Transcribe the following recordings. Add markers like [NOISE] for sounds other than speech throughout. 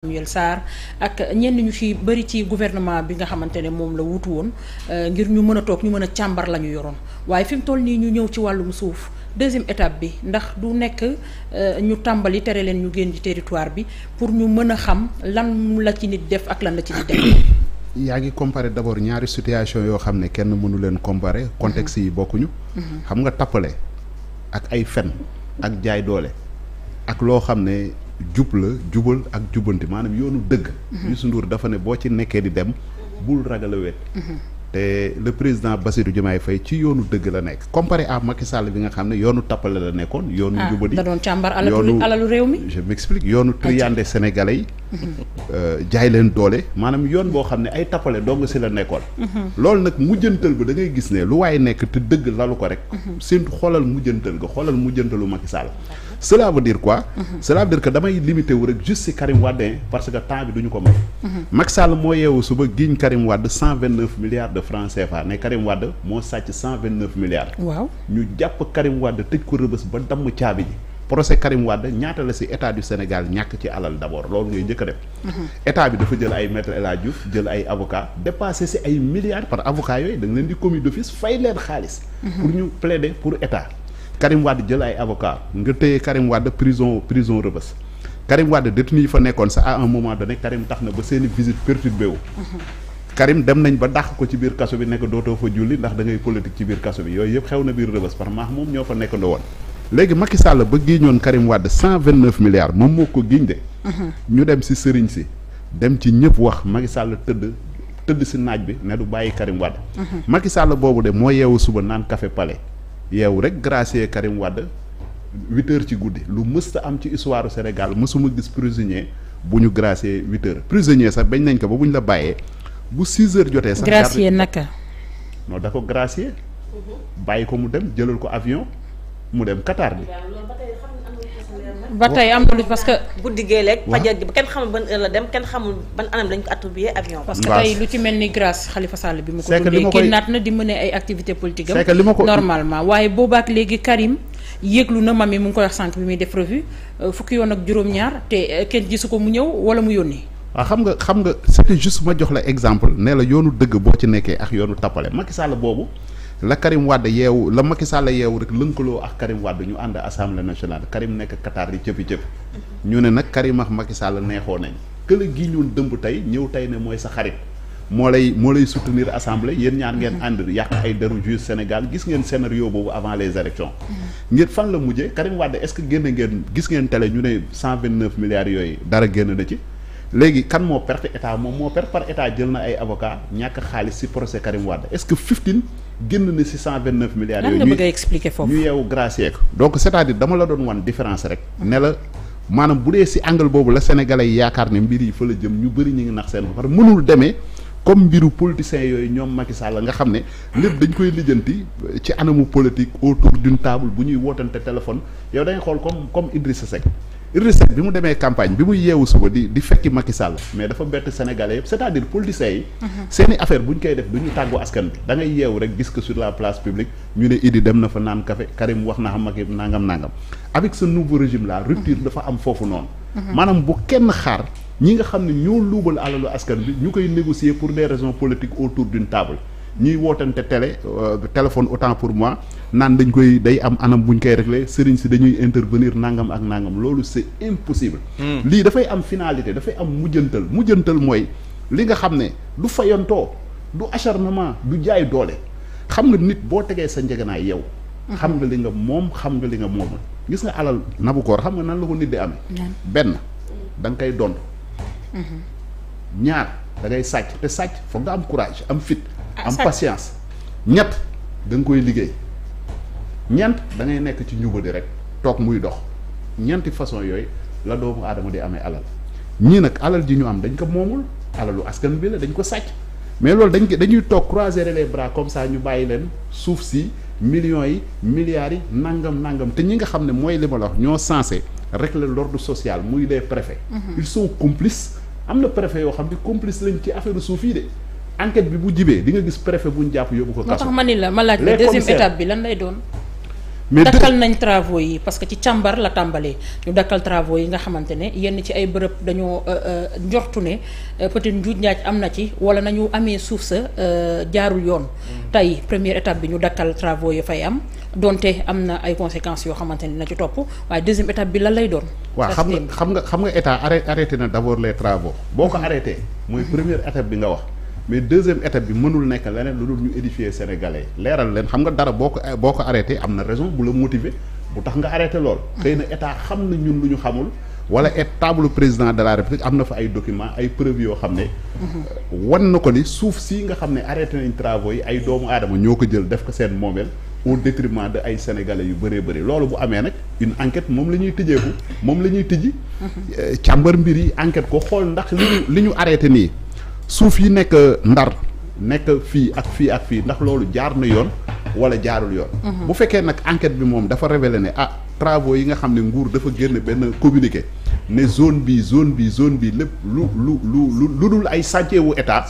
Samuel Sarr ak ñenn ñu ci bëri ci gouvernement bi nga xamante ne moom la wutu woon euh, ngir ñu mën a toog ñu mën càmbar la ñu yoroon waaye fi mu toll nii ñu ñëw ci wàllum suuf deuxième étape bi ndax du nekk euh, ñu tàmbali tere leen ñu génn ci territoire bi pour ñu mën a xam lan la ci nit def ak lan la ci nit def. [COUGHS] yaa ngi comparer d'abord ñaari situation yoo xam ne kenn mënu leen comparer contexte yi bokkuñu. Mm-hmm. xam nga tappale ak ay fen ak jaay doole ak loo xam ne. jub la jubal ak jubanti maanaam yoonu dëgg mhm. Youssou Ndour dafa ne boo ci nekkee di dem bul ragal a wet mhm. te le président Bassirou Diomaye Faye ci yoonu dëgg la nekk comparé à Macky bi nga xam ne yoonu tappale la nekkoon yoonu njubadi ah, da doon càmbar alalu alalu réew mi je m'explique yoonu triyande sénégalais yi mhm. euh, jaay leen doole maanaam yoon boo xam ne ay tappale dong si la nekkoon loolu nag mujjantal ba da gis ne lu waaye nekk te dëgg lalu ko rek seen xoolal mujjantal ga xoolal mujjantalu Macky Sall cela veut dire quoi que damay limité wu rek juste si Karim Wade parce que temps bi du ñu ko may Macky moo yeewu suba giñ Karim cent vingt neuf milliards de francs CFA ne Karim moo sàcc cent vingt neuf milliards waaw ñu jàpp Karim tëj ko rëbës ba damm caabi ji procès Karim ñaata la ci état du Sénégal ñàkk ci alal d'abord loolu ngay njëkk a def état bi dafa jël ay maître El Hadj Diouf jël ay avocat dépassé ci ay milliards par avocat yooyu Karim Wade jël ay avocat nga téye Karim Wade prison prison Rebeuss Karim Wade détenu yi fa nekkoon sax à un moment donné Karim tax na ba seeni visite perturbé wu mhm. Karim dem nañ ba dàq ko ci biir kaso bi nekk dootoo fa julli ndax da ngay politique ci biir kaso bi yooyu yëpp xew na biir Rebeuss par maax moom ñoo fa nekkandoo woon léegi Macky Sall ba giiñoon Karim milliards moom moo ko giñ de mhm. ñu dem si sëriñ si dem ci ñëpp wax Macky Sall tëdd tëdd si naaj bi ne du bàyyi Karim Wade mhm. Macky Sall boobu de moo yeewu suba naan café palais yeewu rek gracier Karim Wade huit heures ci guddi lu mësta am ci histoire Sénégal mësuma gis prisonnier bu ñu gracier huit heures prisonnier sax bañ nañ ko ba bu ñu la bàyyee bu six heures jotee sax gracier naka non da ko gracier mhm. bàyyi ko mu dem jëlal ko avion mu dem Qatar bi ba tey am na lu parce que. guddi gee leeg. fajar gi kenn xamul ban heure la dem kenn xamul ban anam lañ ko attribué avion. parce que lu ci mel ni grâce Khalifa Sall bi mu ko dundee génnaat na di mëne ay activité politique am normalement waaye boobaak léegi Karim yéeglu na mami mu ngi koy wax sànq bi muy def revue euh, fukki yoon ak juróom-ñaar te euh, kenn gisu ko mu ñëw wala mu yónni. waa xam nga xam nga c'était juste ma jox la exemple ne la yoonu dëgg boo ci nekkee ak yoonu tappale Macky Sall boobu. la Karim Wade yeewu la Macky Sall yeewu rek lënkaloo ak Karim Wade ñu ànd assemblée nationale Karim nekk Qatar di cëppi cëppi ñu ne nag Karim ak Macky Sall neexoo nañ kële gi ñoon dëmb tey ñëw tey ne mooy sa xarit moo lay moo lay soutenir assemblée yéen ñaar ngeen ànd yàq ay deru juge Sénégal gis ngeen scénario boobu avant les élections ngeen fan la mujjee Karim Wade est-ce que génn ngeen gis ngeen télé ñu ne cent vingt neuf milliards yooyu dara génn na ci léegi kan moo perte état moom moo perte par état jël na ay avocat ñàkk xaalis si procès Karim Wade est-ce que génn na si cent vingt neuf milliards yooyu. lan nga bëgg a expliquer ñu yeewu gracier ko donc c' est à dama la doon wan différence rek ne la maanaam bu dee si angle boobu la sénégalais yaakaar ne mbir yi fa la jëm ñu bëri ñu ngi nax seen parce que mënul demee comme mbiru politiciens yooyu ñoom Macky Sall nga xam ne lépp dañ koy lijjanti ci anamu politique autour d'une table bu ñuy wootante téléphone yow da ngay xool comme comme Idrissa Seck Idrissa Seck bi mu demee campagne bi mu yeewu suba di di fekki Macky Sall mais dafa bett sénégalais yëpp c'est-à-dire politiciens yi mhm. seeni affaire bu ñu koy def du ñu tàggu askan bi da ngay yeewu rek gis ko sur la place publique ñu ne Idi dem na fa naan café Karim wax na xam Macky nangam nangam avec ce nouveau régime là rupture mhm. dafa am foofu noonu mhm. maanaam bu kenn xaar ñi nga xam ne ñoo luubal alalu askan bi ñu koy négocier pour des raisons politiques autour d'une table ñuy wootante télé euh, téléphone autant pour moi naan dañ koy day am anam buñ koy régler sëriñ si dañuy intervenir nangam ak nangam loolu c'est impossible. Hmm. lii dafay am finalité dafay am mujjantal mujjantal mooy li nga xam ne du fayantoo du acharnement du jaay doole xam nga nit boo tegee sa njëganaay yow. xam nga li nga moom xam nga li nga moomul gis nga alal nabu koor xam nga nan la ko nit di amee. benn da koy dond. Mhm. ñaar dangay ngay sàcc te sàcc foog nga am courage am fit. Ah, am patience ñett da nga koy liggéey. ñent da nekk ci di rek toog muy dox ñeenti façon yooyu la doomu aadama de amee alal ñii nag alal ji ñu am dañ ko moomul alalu askan bi la dañ ko sàcc mais loolu dañ dañuy toog croiser les bras comme ça ñu bàyyi leen suuf si millions yi milliards yi nangam nangam te ñi nga xam ne mooy li ma la wax ñoo censé régler l'ordre social muy les préfets mhm. ils sont complices am na préfet yoo xam ne complice lañ ci affaire suuf yi de enquête bi bu jibee di nga gis préfet buñ jàpp yóbbu ko kaso moo tax ma ni la lay doon mais dakkal nañ travaux yi parce que ci càmbar la tàmbalee ñu dakkal travaux yi nga xamante ne yenn ci ay bërëb dañoo euh, euh, njortu ne euh, peut-être njuuj njaaj am na ci wala nañu amee suuf sa jaarul yoon mm. tey première étape bi ñu dakkal travaux yi fay am donte am na ay conséquence yoo xamante ne na ci topp waaye deuxième étape bi lan lay doon waa xam nga xam nga xam nga état arrêté na d'abord les travaux boo ko mm-hmm. arrêté mooy première étape bi nga wax mais deuxième étape bi mënul nekk leneen lu dul ñu édifier sénégalais leeral leen xam nga dara boo ko boo arrêté am na raison bu la motiver bu tax nga arrêté lool. xëy na état xam na ñun lu ñu xamul. wala et table président de la république am na fa ay document ay preuves yoo xam ne. Mm-hmm. wan na ko ni suuf si nga xam ne arrêté nañ travaux yi ay doomu aadama ñoo ko jël def ko seen moomeel. au détriment de ay sénégalais yu bëree bëri loolu bu amee nag une enquête moom la ñuy tijjeeku moom la ñuy tijji. Mm-hmm. Euh, càmbar mbir yi enquête ko xool ndax li ñu arrêté nii. suuf yi nekk ndar nekk fii ak fii ak fii ndax loolu jaar na yoon wala jaarul yoon mhm. bu fekkee nag enquête bi moom dafa révélé ne ah travaux yi nga xam ne nguur dafa génn benn communiquer ne zone bi zone bi zone bi lépp lu lu lu lu dul ay sànceewu état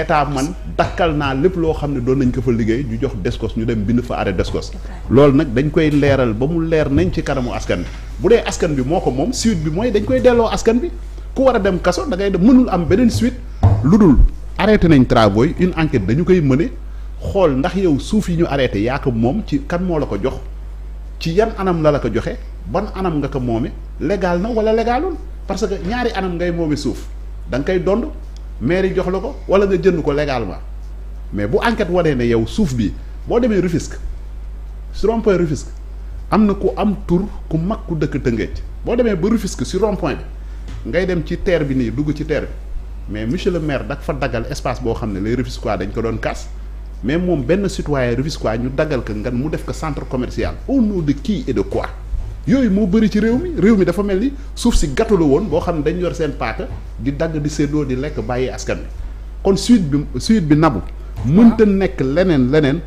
état man dakkal naa lépp loo xam ne doon nañ ko fa liggéey ñu jox descos ñu dem bind fa arrêt descos loolu nag dañ koy leeral ba mu leer nañ ci kanamu askan bi bu dee askan bi moo ko moom suite bi mooy dañ koy delloo askan bi ku war a dem kaso da dem mënul am beneen suite lu dul arrêté nañ travaux yi une enquête dañu koy mëne xool ndax yow suuf yi ñu arrêté yaa ko moom ci kan moo la ko jox ci yan anam la la ko joxe ban anam nga ko moome légal na wala légalul parce que ñaari anam ngay moome suuf da nga koy dond maire jox la ko wala nga jënd ko légalement mais bu enquête waree ne yow suuf bi boo demee Rufisque si rond-point am na ku am tur ku mag ku dëkk Tëngéej boo demee ba Rufisque si rond bi ngay dem ci teer bi nii dugg ci terre bi mais monsieur le maire dak fa daggal espace boo xam ne les Rufisquois dañ ko doon kaas mais moom benn citoyen Rufisquois ñu daggal ko ngan mu def ko centre commercial au nom de qui et de quoi yooyu moo bëri ci réew mi réew mi dafa mel ni suuf si gàttu la woon boo xam ne dañ yor seen paaka di dagg di séddoo di lekk bàyyi askan bi kon suite bi suite bi nabu mënta ah. nekk leneen leneen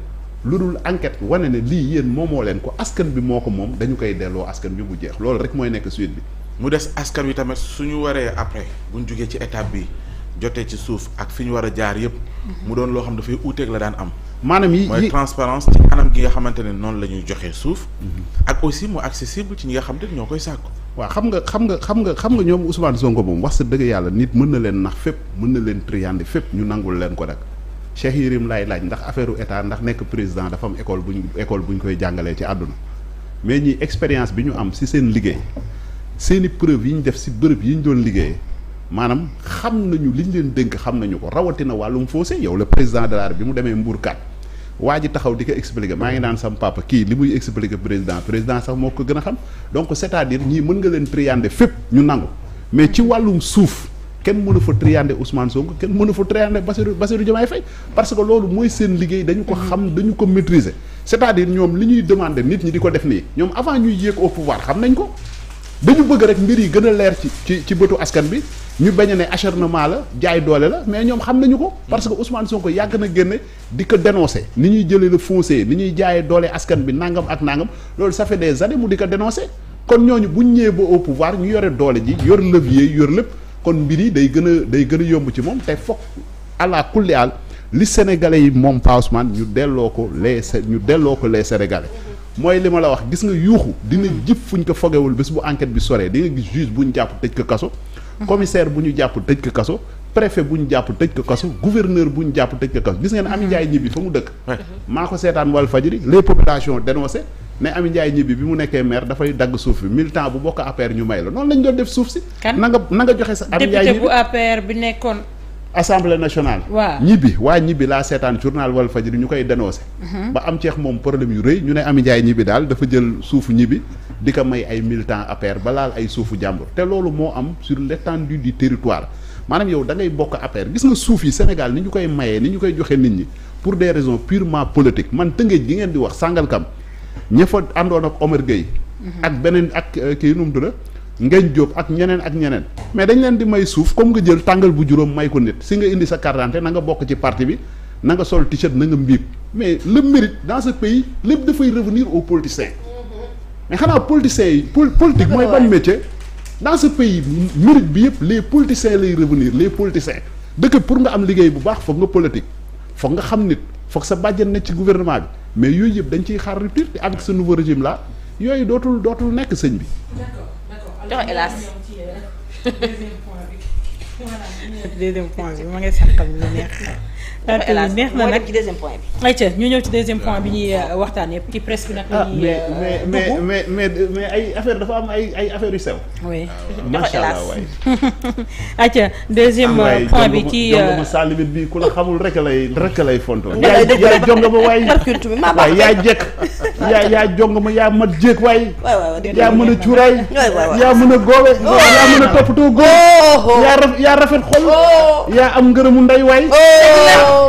lu dul enquête wane ne lii yéen moo leen ko askan bi moo ko moom dañu koy delloo askan bi mu jeex loolu rek mooy nekk suite bi mu des askan wi tamit suñu waree après buñ jugee ci étape bi jotee ci suuf ak fi ñu war a jaar yëpp mu doon loo xam dafay uuteeg la daan am maanaam yi mooy transparence ci anam gi nga xamante ne noonu la ñuy joxee suuf mhm. ak aussi mu accessible ci ñi nga xam ne ñoo koy sàkku waaw xam nga xam nga xam nga xam nga ñoom Ousmane Sonko moom wax sa dëgg yàlla nit mën na leen nax fépp mën na leen triyandi fépp ñu nangul leen ko nag Cheikh Yérim laay laaj ndax affaire état ndax nekk président dafa école buñ école buñ koy jàngalee ci àdduna mais ñi expérience bi ñu am si seen liggéey seeni preuve yi ñu def si bërëb yi ñu doon liggéey maanaam xam nañu li ñu leen dénk xam nañu ko rawatina wàllum fossé yow le président de la bi mu demee Mbourkat waa ji taxaw di ko expliquer maa ngi naan sam papa kii li muy expliquer président président sax moo ko gën a xam donc cest à ñii mën nga leen triander fépp ñu nangu mais ci wàllum suuf kenn mënu fa triander Ousmane Sonko kenn mënu fa triander Bassirou Bassirou Diomaye Faye parce que loolu mooy seen liggéey dañu ko xam dañu ko maîtriser c'est-à-dire ñoom nit ñi di ko def nii ñoom avant ñuy yéeg au pouvoir xam nañ ko dañu bëgg rek mbir yi gën a leer ci ci ci bëtu askan bi ñu bañ a ne acharnement la jaay doole la mais ñoom xam nañu ko. parce que Ousmane ko yàgg na génne di ko dénoncer. ni ñuy jëlee le foncier ni ñuy jaayee doole askan bi nangam ak nangam loolu ça fait des années mu di ko dénoncer kon ñooñu bu ñu ñëwee bo au pouvoir ñu yore doole ji yor levier yor lépp kon mbir yi day gën a day gën a yomb ci moom te foog allah kulli li sénégalais yi moom Pa Ousmane ñu delloo ko les ñu delloo ko les sénégalais. mooy li ma la wax gis nga yuuxu dina jëf fuñ ko fogewul bés bu enquête bi soree dina gis juge bu ñu jàpp tëj ko kaso commissaire bu ñu jàpp tëj ko kaso préfet bu ñu jàpp tëj ko kaso gouverneur bu ñu jàpp tëj ko kaso gis ngeen Ami Ndiaye ñibbi fa mu dëkk maa ko seetaan wal fajiri les populations dénoncé ne Ami Ndiaye ñibbi bi mu nekkee maire dafay dagg suuf bi militant bu bokk APR ñu may la noonu lañ doon def suuf si na nga nga joxe sa Ami Ndiaye ñibbi député bu APR bi nekkoon assemblée nationale. waaw ñibbi waa ñibbi laa seetaan journal Walfadjri ñu koy dénoncé. Mhm. ba am ceex moom problème yu rëy ñu ne Amy Ndiaye ñibbi daal dafa jël suufu ñibbi di ko may ay militants APR ba laal ay suufu jàmbur te loolu moo am sur l'étendue du territoire maanaam yow da bokk APR gis nga suuf yi Sénégal ni ñu koy mayee ni ñu koy joxe nit ñi pour des raisons purement politiques man tëngëj gi ngeen di wax sàngalkam ña fa àndoon ak Omar Gueye. Mhm. beneen ak euh, kii nu mu Ngagne Diop ak ñeneen ak ñeneen mais dañ leen di may suuf comme nga jël tàngal bu juróom may ko nit si nga indi sa carte na nga bokk ci parti bi na nga sol t-shirt na nga mbiib mais le mérite dans sa pays lépp dafay revenir aux politiciens mais xanaa politiciens yi politique mooy ban métier dans ce pays mérite bi yëpp les politiciens lay revenir les politiciens dëkk pour nga am liggéey bu baax foog nga politique foog nga xam nit foog sa bàjjen ne ci gouvernement bi mais yooyu yëpp dañ ciy xaar rupture te avec ce nouveau régime là yooyu dootul dootul nekk sëñ bi jox hélas. deuxième point bi ma ngi sàqal lu tey euh, neex na nag ayca ñu ñëw ci deuxième point bi ñuy euh, waxtaanee ci presse bi nag. la ah, ñuy mais euh, mais mais mais ay affaire dafa am ay ay affaires yu sew. oui ah, macha allah waay. ayca [LAUGHS] deuxième point bi ci jongoma saa limite bi ku la xamul rek lay rek lay fontoo. yaay yaay jongoma waay waay yaa jekk yaa yaa jongoma yaa mat jéeg waay. yaa mën a cuuraay. yaa mën a góobe. Oh. yaa mën a toppatoo góor. Oh. yaa rafet xol. Oh. yaa am ngërëmu ndey waay.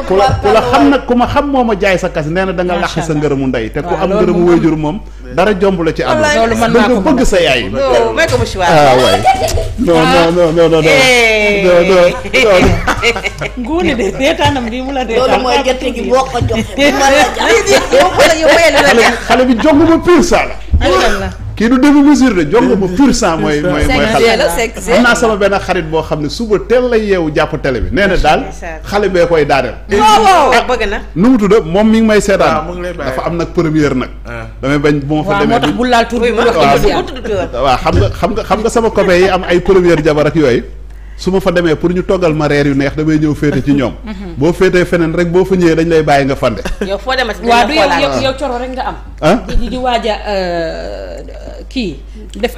ku la ku la xam na ku ma xam moo ma jaay sa kas nee na da nga sa ngërëmu ndey te ku am ngërëmu wéyjur moom dara jomb la ci am loolu mën bëgg sa yaay may ko monsieur ah waay non non bi mu la dee loolu mooy [LAUGHS] xale bi jong ma pire saa kii du demi mesure de jongo bu pur sang mooy mooy mooy naa sama benn xarit boo xam ne suba teel la yeewu jàpp télé bi nee na daal xale bee koy daaneel oh, ah, nu mu tudd moom mi ngi may seetaan dafa am nag première nag ah. damay bañ bu ma fa demee bu laal tur bi waaw xam nga xam nga xam nga sama copain am ay première jabar ak yooyu su ma fa demee pour ñu toggal ma reer yu neex damay ñëw féete ci ñoom. Mhm. boo féetee feneen rek boo fa ñëwee dañ lay bàyyi nga fande. yow foo demee du yow yow coro rek nga am. ah euh, kii def